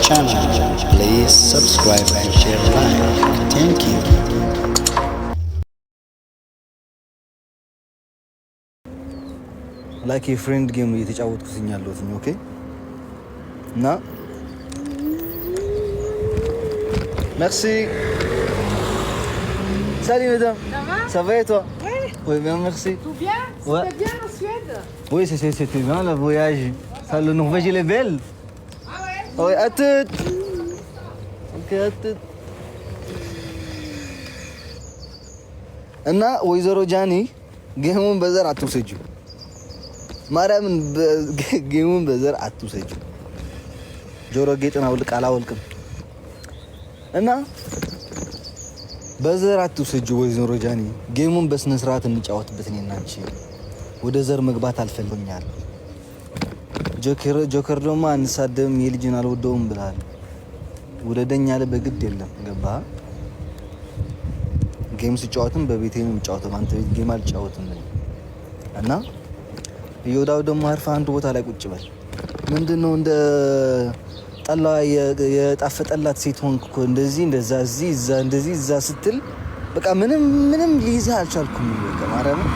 channel. Please subscribe and share like. Thank you. ላይክ የፍሬንድ ጌም እየተጫወትኩትኝ ያለሁት ኦኬ። እና merci Salut madame, Ça va et toi Oui. Oui, bien, merci. Tout bien C'était bien en Suède Oui, c'était bien le voyage. Ça, le Norvège, il est belle. Okay, atit! Okay, atit! እና ወይዘሮ ጃኒ ጌሙን በዘር አትውሰጂው። ማርያምን ጌሙን በዘር አትውሰጂው። ጆሮ ጌጥን አውልቅ አላወልቅም እና በዘር አትውሰጂው። ወይዘሮ ጃኒ ጌሙን በስነ ስርዓት እንጫወትበት። እኔ አንቺ ወደ ዘር መግባት አልፈልኛል ጆከር ደግሞ አንሳደብም የልጅን አልወደውም ብላል። ውለደኝ አለ በግድ የለም ገባ። ጌም ስጫወትም በቤቴ ነው የምጫወተው፣ በአንተ ቤት ጌም አልጫወትም። እና እየወዳው ደግሞ አርፈ አንድ ቦታ ላይ ቁጭ በል። ምንድን ነው እንደ ጠላ የጣፈጠላት ሴት ሆንክ እኮ እንደዚህ እንደዛ እዚህ እዛ እንደዚህ እዛ ስትል በቃ ምንም ምንም ሊይዝህ አልቻልኩም። ማርያምን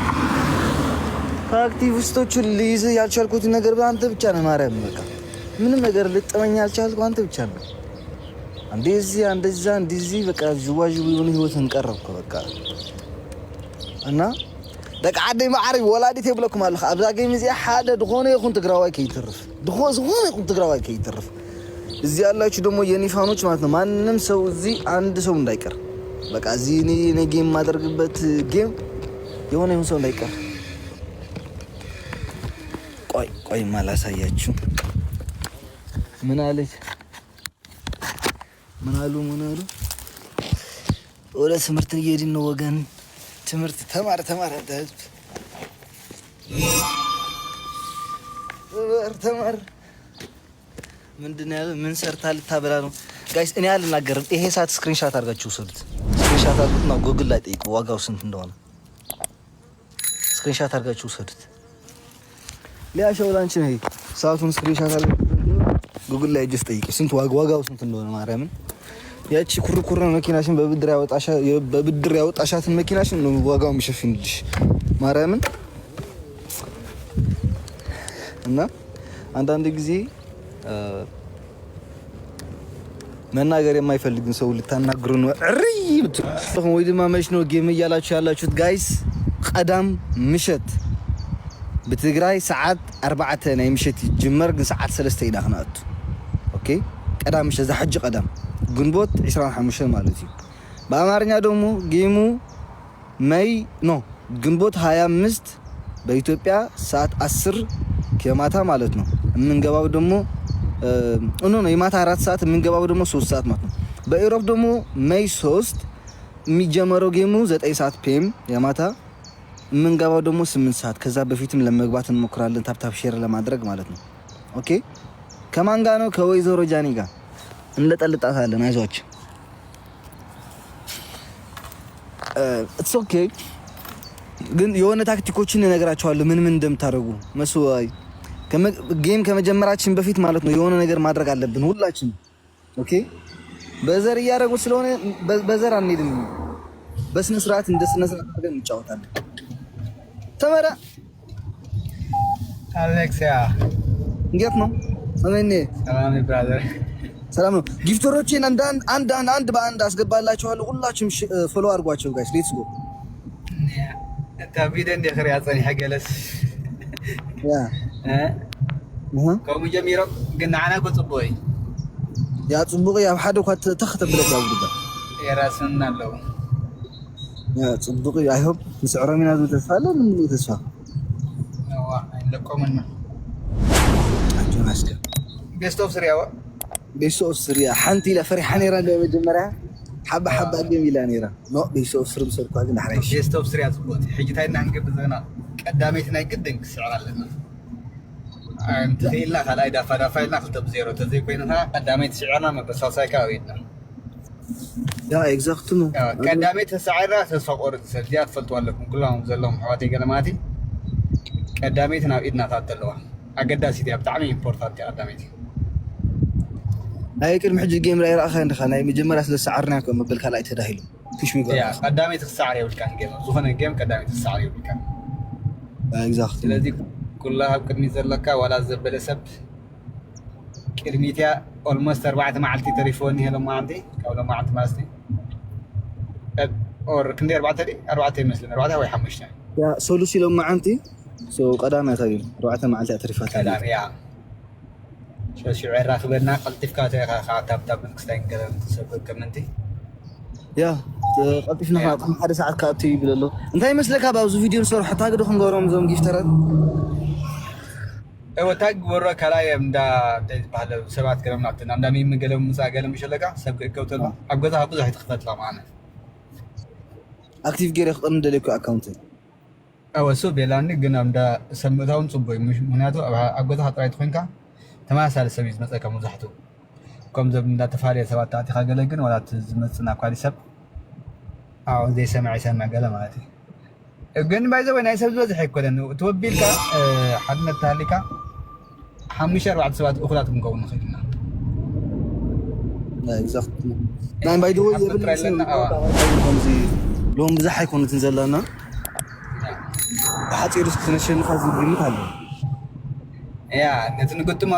አክቲቪስቶቹን ልይዝ ያልቻልኩት ነገር አንተ ብቻ ነህ። ማርያም በቃ ምንም ነገር ልጠመኝ ያልቻልኩ አንተ ብቻ ነህ። እንደዚህ እንደዛ እንደዚህ በቃ ዝዋዥ ቢሆን ህይወት እንቀረብኩ በቃ እና በቃ አደይ ማዕሪብ ወላዲት የብለኩም ኣለኹ አብዛ ገይም እዚኣ ሓደ ድኾነ ይኹን ትግራዋይ ከይትርፍ ዝኾነ ይኹን ትግራዋይ ከይትርፍ እዚ ያላችሁ ደግሞ የኒፋኖች ማለት ነው። ማንም ሰው እዚ አንድ ሰው እንዳይቀር በቃ እዚ እኔ ጌም የማደርግበት ጌም የሆነ ይሁን ሰው እንዳይቀር ቆይ ማላሳያችሁ ምን አለች? ምን አሉ? ምን አሉ? ወደ ትምህርት እየሄድን ነው ወገን። ትምህርት ተማር ተማር፣ አንተ ህዝብ ተማር። ምንድን ያለ ምን ሰርታ ልታበላ ነው? ጋይስ እኔ አልናገርም። ይሄ ሰዓት ስክሪንሻት አድርጋችሁ ውሰዱት። ስክሪንሻት ነው ጎግል ላይ ጠይቁ ዋጋው ስንት እንደሆነ። ስክሪንሻት አድርጋችሁ ውሰዱት። ሊያሸው ላንቺ ነው። ሰዓቱን ስክሪንሻት አለ ጉግል ላይ ጀስ ጠይቂ፣ ስንት ዋጋው ስንት እንደሆነ ማርያምን። ያቺ ኩርኩር መኪናሽን በብድር ያወጣሻ በብድር ያወጣሻትን መኪናሽን ነው ዋጋው የሚሸፍንልሽ ማርያምን። እና አንዳንድ ጊዜ መናገር የማይፈልግን ሰው ልታናግሩ ነው ወይ ድማ መች ነው ጌም እያላችሁ ያላችሁት ጋይስ? ቀዳም ምሸት ብትግራይ ሰዓት 4 ናይ ምሸት ይጅመር ግን ሰዓት ሰለስተ ኢና ክነኣቱ ቀዳም ምሸት እዛ ሕጂ ቀዳም ግንቦት 25 ማለት እዩ ብኣማርኛ ደሞ ጌሙ መይ ኖ ግንቦት 25 በኢትዮጵያ ሰዓት 10 ከማታ ማለት ነው። የምንገባው ደሞ እኖ ነው የማታ 4 ሰዓት የምንገባው ደሞ 3 ሰዓት ማለት ነው። በኢሮፕ ደሞ መይ 3 የሚጀመረው ጌሙ 9 ሰዓት ፒኤም የማታ የምንገባው ደግሞ ስምንት ሰዓት ከዛ በፊትም ለመግባት እንሞክራለን። ታፕታፕ ሼር ለማድረግ ማለት ነው። ኦኬ ከማን ጋር ነው? ከወይዘሮ ጃኒ ጋር እንለጠልጣታለን። አይዟች ኢትስ ኦኬ። ግን የሆነ ታክቲኮችን እነግራቸዋለሁ፣ ምን ምን እንደምታደርጉ መስ ጌም ከመጀመራችን በፊት ማለት ነው። የሆነ ነገር ማድረግ አለብን ሁላችን። ኦኬ በዘር እያደረጉ ስለሆነ በዘር አንሄድም። በስነስርዓት እንደ ስነስርዓት አድርገን እንጫወታለን። ተመራ አሌክሲያ እንዴት ነው? ሰሜኔ ሰላም ብራዘር፣ ሰላም ነው። ጊፍተሮችን አንድ አንድ አንድ በአንድ አስገባላችኋለሁ። ሁላችሁም ፎሎ አድርጓቸው ጋይስ። ሌትስ ጎ ታቢደ እንደ ኸሪያ ጸኒ ሐገለስ ያ ከምኡ ጀሚሮም ግን ንዓና ኮ ፅቡቅ እዩ ያ ሓደ እኳ ተኽተብለካ ጉዳይ የራስን ኣለዎ ፅቡቕ እዩ ኣይሆፕ ምስ ኦሮሚና ዝብል ተስፋ ኣሎ ንምሉእ ተስፋ ቤስት ኦፍ ስሪያ ቤስት ኦፍ ስሪያ ሓንቲ ኢላ ፈሪሓ ነይራ መጀመርያ ሓባ ሓባ ገም ኢላ ነይራ ኖ ቤስት ኦፍ ስሪ ምሰርኳ ግን ዳሕራይ ቤስት ኦፍ ስሪያ ፅቡቅ ሕጂ ታይና ክንገብር ዘለና ቀዳመይቲ ናይ ግድን ክስዕር ኣለና እንተዘይልና ካልኣይ ዳፋ ዳፋ ኢልና ክልተ ብዜሮ እንተዘይኮይኑና ቀዳመይቲ ስዕርና መበሳሳይ ከባቢ ኢልና ኤግዛክትሊ ቀዳሜ ተሳዒራ ተስፋ ቆርፅ ሰድያ ትፈልጥዋለኩም ኩሎም ዘለኹም ኣሕዋተይ ገለማት ቀዳሜት ናብ ኢድናታት ዘለዋ ኣገዳሲት እያ ብጣዕሚ ኢምፖርታንት እያ ቀዳሜት ናይ ቅድሚ ሕጂ ጌም ላይ ረእኸ እንድኻ ናይ መጀመርያ ስለ ሰዓርና መበል ካልኣይ ተዳሂሉ ቀዳሜት ክሳዕር የብልካን ጌም ጌም ቀዳሜት ክሳዕር የብልካን ስለዚ ኩላ ኣብ ቅድሚት ዘለካ ዋላ ዘበለ ሰብ ቅድሚት እያ ኦልሞስት ኣርባዕተ መዓልቲ ተሪፎኒ ሎማዓንቲ ካብ ሎማዓንቲ ማለት ክንደይ ኣርባዕተ ድዩ ኣርባዕተ ይመስለኒ ኣርባዕተ መዓልቲ እያ ተሪፋት ቀዳምያ ቀልጢፍካ ተኢኻ ከዓ ታብታብ መንግስታይ ከምንቲ ያ ቀልጢፍና ሓደ ሰዓት ከዓ ይብል ኣሎ እንታይ ይመስለካ ኣብዚ ቪድዮ ንሰርሖ ታግ ዶ ክንገብሮም እዞም ጊፍተራት ወታግ ወሮ ካልኣይ እንዳ እንታይ ዝበሃል ሰባት ገለም ናብትና እንዳ ሚሚ ገለም ገለም ይሸለካ ሰብ ክእከብተሉ ኣብ ገዛኻ ብዙሕ ይትክፈትላ ማለት አክቲቭ ጌር ክጥር እንደለኩ አካውንት አወሶ ቤላኒ ግን እንዳ ሰምታውን ፅቡይ ምክንያቱ ኣጎታ ጥራይት ኮይንካ ተመሳሳሊ ሰብ እዩ ዝመፀካ መብዛሕትኡ ከምዞም እንዳተፈላለየ ሰባት ተኣቲካ ገለ ግን ዋላት ዝመፅእ ናብ ካሊእ ሰብ ኣ ዘይሰምዐ ይሰምዐ ገለ ማለት እዩ ግን ባይዘ ወይ ናይ ሰብ ዝበዝሐ ይኮነን እትወቢልካ ሓድነት ተሃሊካ ሓሙሽተ ኣርባዕተ ሰባት እኩላት ክንከውን ንክእል ኢና ናይ ባይደወይ ከምዚ ሎም ብዛሕ ኣይኮነትን ዘለና ብሓፂሩ ክትነሸንፋ ዝብል ግምት ያ ነቲ ንግጥሞ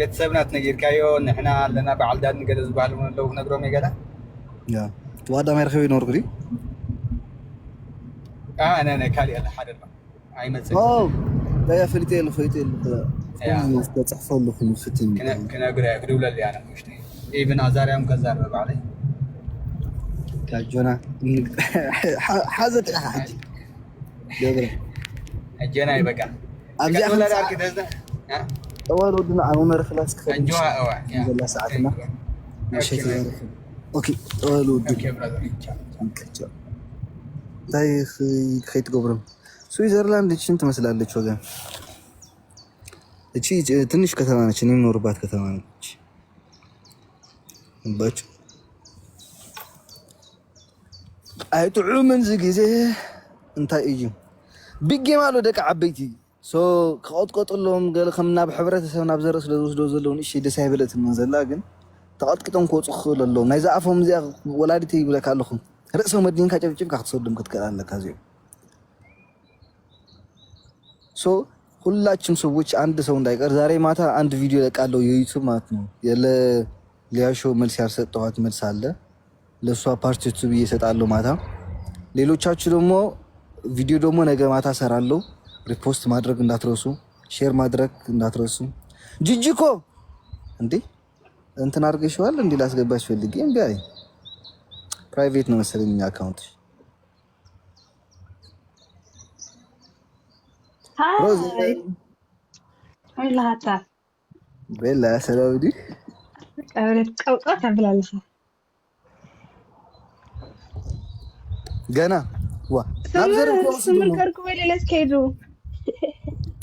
ቤተሰብና ትነጊርካዮ ንሕና ኣለና በዓል ዳድን ገለ ዝበሃል እውን ኣለዉ ክነግሮም የገዳ ማይ ረኸበ ይነበርኩ ድዩ ነነ ካሊእ ኣለ ሓደ ኣይመፅእ ፈሊጠ የለ ፈሊጠ የለ ተፅሕፈሉ ክንፍትን ክነግረ ክድብለሉ ያ ሽ ኢብን ኣዛርያም ከዛርበ ባዕለይ እንታይ ከይትገብሮም ስዊዘርላንድ እችን ትመስላለች ወገን። እቺ ትንሽ ከተማ ነች፣ እኔ የምኖርባት ከተማ ነች። ኣይጥዑምን ዚ ግዜ እንታይ እዩ ብጌም ኣሎ ደቂ ዓበይቲ ክቐጥቀጠሎም ገለ ከም ናብ ሕብረተሰብ ናብ ዘርኢ ስለዝወስዶ ዘለው ንእሽ ደስ ኣይበለትን ዘላ ግን ተቐጥቂጦም ክወፁ ክኽእል ኣለዎም ናይ ዝኣፎም እዚኣ ወላዲተ ይብለካ ኣለኹም ርእሶም መዲንካ ጨብጭብካ ክትሰዶም ክትክእል ኣለካ እዚኦም ሁላችሁም ሰዎች አንድ ሰው እንዳይቀር ዛሬ ማታ አንድ ቪዲዮ ለቃለው የዩቱብ ማለት ነው። የለ ለሊያሾ መልስ ያልሰጠኋት መልስ አለ ለእሷ ፓርት ቱ ብዬ እሰጣለሁ ማታ። ሌሎቻችሁ ደግሞ ቪዲዮ ደግሞ ነገ ማታ ሰራለሁ። ሪፖስት ማድረግ እንዳትረሱ፣ ሼር ማድረግ እንዳትረሱ። ጅጅኮ እንዴ እንትን አድርገሽዋል እንዴ? ላስገባሽ ፈልጌ እምቢ አይ ፕራይቬት ነው መሰለኝ አካውንት ላ ሰላም ዲ ቀብለት ቀውጣ ተብላለሻል ገና ዋ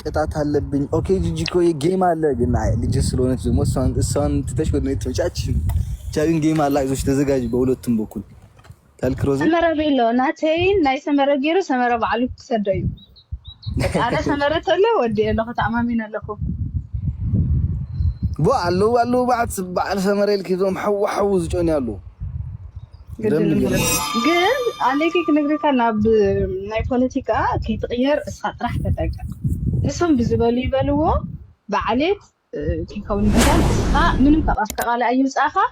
ቅጣት አለብኝ። ኦኬ ጂጂ እኮ ጌም አለ ግን ልጅ ስለሆነች ደግሞ እሷን ትተሽ ወደ ተጫች ብቻ ጌም አለ። አይዞሽ ተዘጋጅ። በሁለቱም በኩል ታልክሮ ሰመረ ቤሎ ናተይን ናይ ሰመረ ገይሩ ሰመረ ባዕሉ ክሰዶ እዩ ኣነ ሰመረ ተሎ ወዲ ኣለኹ ተኣማሚን ኣለኹ ቦ ኣለዉ ኣለዉ በዓት በዓል ሰመረ ኢልክ ዞም ሓዋ ሓዉ ዝጮን ኣለዉ ግን ኣለይ ክንግርካ ናብ ናይ ፖለቲካ ጥራሕ ብዝበሉ ይበልዎ በዓሌት ከይከውን ይበላል እስኻ ምንም ይውፃእኻ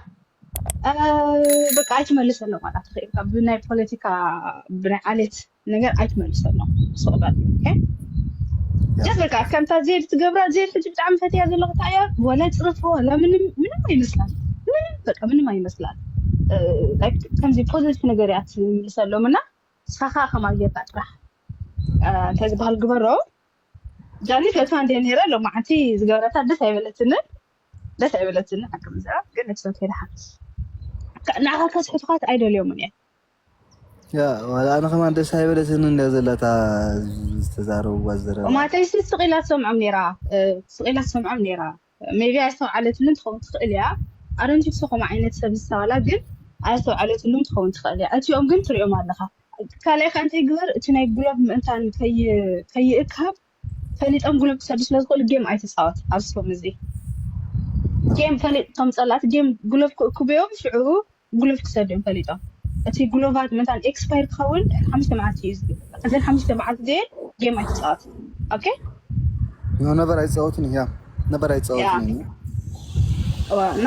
ኣይትመልስ ትኽእልካ ብናይ ፖለቲካ ብናይ ዓሌት ነገር ኣይትመልስ ኣሎ ስቕበል በቃ ከምታ ትገብራ ሕጂ ብጣዕሚ ፈትያ ዘለኹ እያ ወላ ፅርፍ ምንም ምንም ኣይመስላል ምንም በቃ ምንም ኣይመስላል ከምዚ ፖዘቲቭ ነገርያት ይምልሰሎም እና ስኻኻ ከማየጣ ጥራሕ እንታይ ዝበሃል ግበሮ ጃኒ ፈትዋ እንደ ነረ ሎ ማዓንቲ ዝገበረታ ደስ ኣይበለትኒ ደስ ኣይበለትኒ ኣቅም ዝራ ግን ነፍሰብ ከይድሓ ንዓኻ ከስሕቱኻት ኣይደልዮምን እየ ኣነ ከማ ደስ ኣይበለትን እንደ ዘለታ ዝተዛረብዋ ዝረ ማተይስ ስቂላ ሰምዖም ነራ ስቂላ ሰምዖም ነራ ሜቢ ኣይሰምዓለትንን ትኸውን ትኽእል እያ ኣረንቲ ሰኹም ዓይነት ሰብ ዝተባላ ግን ዓለቶ ዓለት ሉ ክትኸውን ትኽእል እያ እትኦም ግን ትሪኦም ኣለኻ ካልኣይ ከዓ እንታይ ግበር እቲ ናይ ጉሎብ ምእንታን ከይእካብ ፈሊጦም ጉሎብ ክሰዱ ስለዝኽእሉ ጌም ኣይተፃወት ኣብ ስፖም እዚ ጌም ፈሊጦም ፀላእቲ ጌም ጉሎብ ክእክብዮም ሽዑ ጉሎብ ክሰዱ እዮም ፈሊጦም እቲ ጉሎባት ምእንታን ኤክስፓይር ክኸውን ሓሙሽተ መዓልቲ እዩ እዘን ሓሙሽተ መዓልቲ ዜ ጌም ኣይተፃወት ኦኬ ነበራ ይፃወትን እያ ነበራ ይፃወትን እዩ እና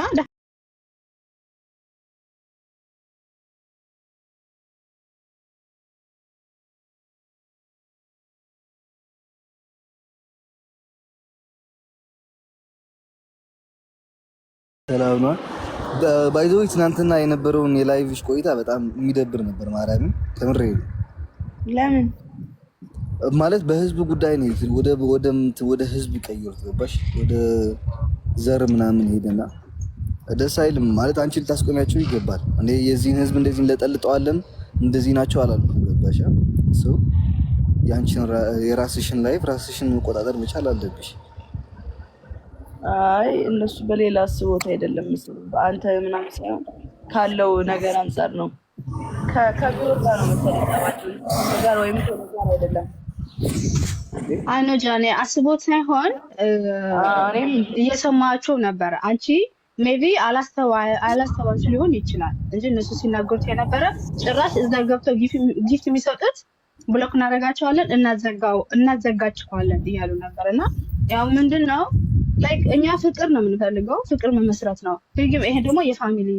ሰላም ነዋ። ትናንትና የነበረውን የላይቭሽ ቆይታ በጣም የሚደብር ነበር። ማርያምን ከምሬ ነው። ለምን ማለት በህዝብ ጉዳይ ነው። ወደ ህዝብ ቀይሩት፣ ገባሽ? ወደ ዘር ምናምን ሄደና ደስ አይልም። ማለት አንቺ ልታስቆሚያቸው ይገባል። እኔ የዚህን ህዝብ እንደዚህ እንለጠልጠዋለን እንደዚህ ናቸው አላልኩም። ገባሽ? ሰው የአንቺን የራስሽን ላይፍ ራስሽን መቆጣጠር መቻል አለብሽ። አይ እነሱ በሌላ አስቦት አይደለም ምስል በአንተ ምናምን ሳይሆን ካለው ነገር አንጻር ነው። ከቢወር ጋር ነው መሰለኝ ጋር ወይም ጋር አይደለም። አይ ነው ጃኔ አስቦት ሳይሆን እየሰማቸው ነበረ። አንቺ ሜቢ አላስተዋልሽ ሊሆን ይችላል እንጂ እነሱ ሲናገሩት የነበረ ጭራሽ እዛ ገብተው ጊፍት የሚሰጡት ብሎክ እናደርጋቸዋለን እናዘጋቸዋለን እያሉ ነበር እና ያው ምንድን ነው ላይክ እኛ ፍቅር ነው የምንፈልገው፣ ፍቅር መመስረት ነው። ግን ይሄ ደግሞ የፋሚሊ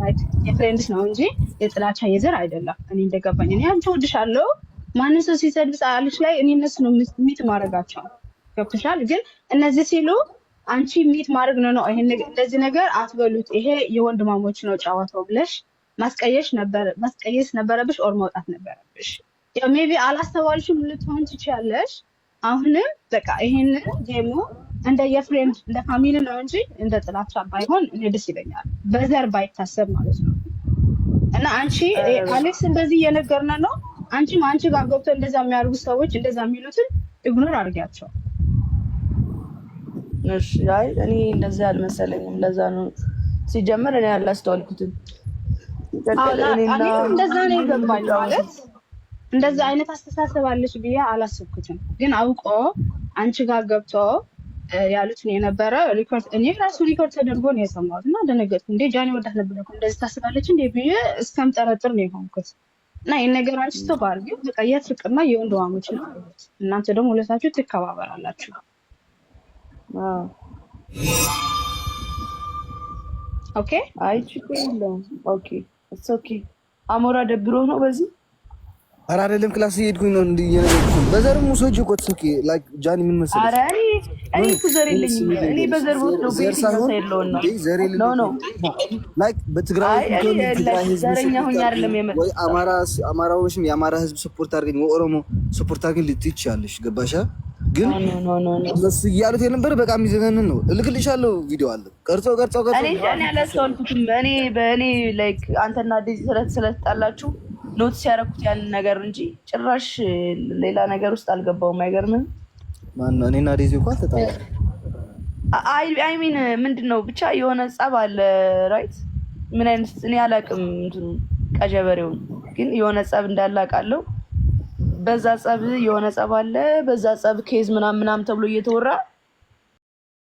ላይክ የፍሬንድስ ነው እንጂ የጥላቻ የዘር አይደለም። እኔ እንደገባኝ እኔ አንቺ እወድሻለሁ ማንም ሰው ሲሰድብ ጻልሽ ላይ እኔ እነሱ ነው ሚት ማድረጋቸው ገብቶሻል። ግን እነዚህ ሲሉ አንቺ ሚት ማድረግ ነው ነው እንደዚህ ነገር አትበሉት፣ ይሄ የወንድማሞች ነው ጨዋታው ብለሽ ማስቀየስ ነበረብሽ፣ ኦር መውጣት ነበረብሽ። ያው ሜቢ አላስተዋልሽም ልትሆን ትችያለሽ። አሁንም በቃ ይሄንን ጌሙ እንደ የፍሬንድ እንደ ፋሚሊ ነው እንጂ እንደ ጥላቻ ባይሆን እኔ ደስ ይለኛል። በዘር ባይታሰብ ማለት ነው። እና አንቺ አሌክስ እንደዚህ እየነገርን ነው። አንቺም አንቺ ጋር ገብቶ እንደዛ የሚያደርጉ ሰዎች እንደዛ የሚሉትን ኢግኖር አድርጊያቸው። አይ እኔ እንደዚህ አልመሰለኝም። ለዛ ነው ሲጀምር እኔ ያላስተዋልኩትን እንደዛ ነው ይገባል ማለት እንደዛ አይነት አስተሳሰብ አለች ብዬ አላሰብኩትም። ግን አውቆ አንቺ ጋር ገብቶ ያሉት ነው የነበረ ሪኮርድ እኔ ራሱ ሪኮርድ ተደርጎ ነው የሰማሁት እና ደነገጥኩ። እንዴ ጃኒ ወዳት ነበር እንደዚህ ታስባለች እንዴ ብዬ እስከምጠረጥር ነው የሆንኩት። እና ይህን ነገር አንስቶ በአርጊ በቃ የፍቅርና የወንድማማች ነው። እናንተ ደግሞ ሁለታችሁ ትከባበራላችሁ። ኦኬ አይ ችግር የለውም። ኦኬ እስ ኦኬ አሞራ ደብሮ ነው በዚህ አረ አይደለም ክላስ እየሄድኩኝ ነው። እንዴ እየነገርኩህ በዘር ሙሶጅ እኮ ትስቂ ላይክ ጃኒ ምን መሰለሽ? አረ እኔ እኔ እኮ ዘር የለኝም። እኔ በዘር ወጥ ነው ቤት ሳይሆን ነው ላይክ በትግራይ ትግራይ ህዝብ አማራ አማራዎችም የአማራ ህዝብ ሰፖርት አድርገኝ ወይ ኦሮሞ ሰፖርት አድርገኝ ልትይቻለሽ ገባሻ? ግን እነሱ እያሉት የነበረ በቃ የሚዘገንን ነው። እልክልሻለሁ፣ ቪዲዮ አለ ቀርጾ ቀርጾ ቀርጾ እኔ ያላስተዋልኩትም እኔ በእኔ ላይክ አንተና ዴዚ ስለተጣላችሁ ሎት ሲያረኩት ያን ነገር እንጂ ጭራሽ ሌላ ነገር ውስጥ አልገባውም። አይገርምም? ማነው እኔና ዴዚ እኮ አልተጣላም። አይ ሚን ምንድን ነው ብቻ የሆነ ጸብ አለ ራይት። ምን አይነት እኔ አላውቅም፣ ቀጀበሬውን ግን የሆነ ጸብ እንዳለ አውቃለሁ። በዛ ጸብ የሆነ ጸብ አለ። በዛ ጸብ ኬዝ ምናም ተብሎ እየተወራ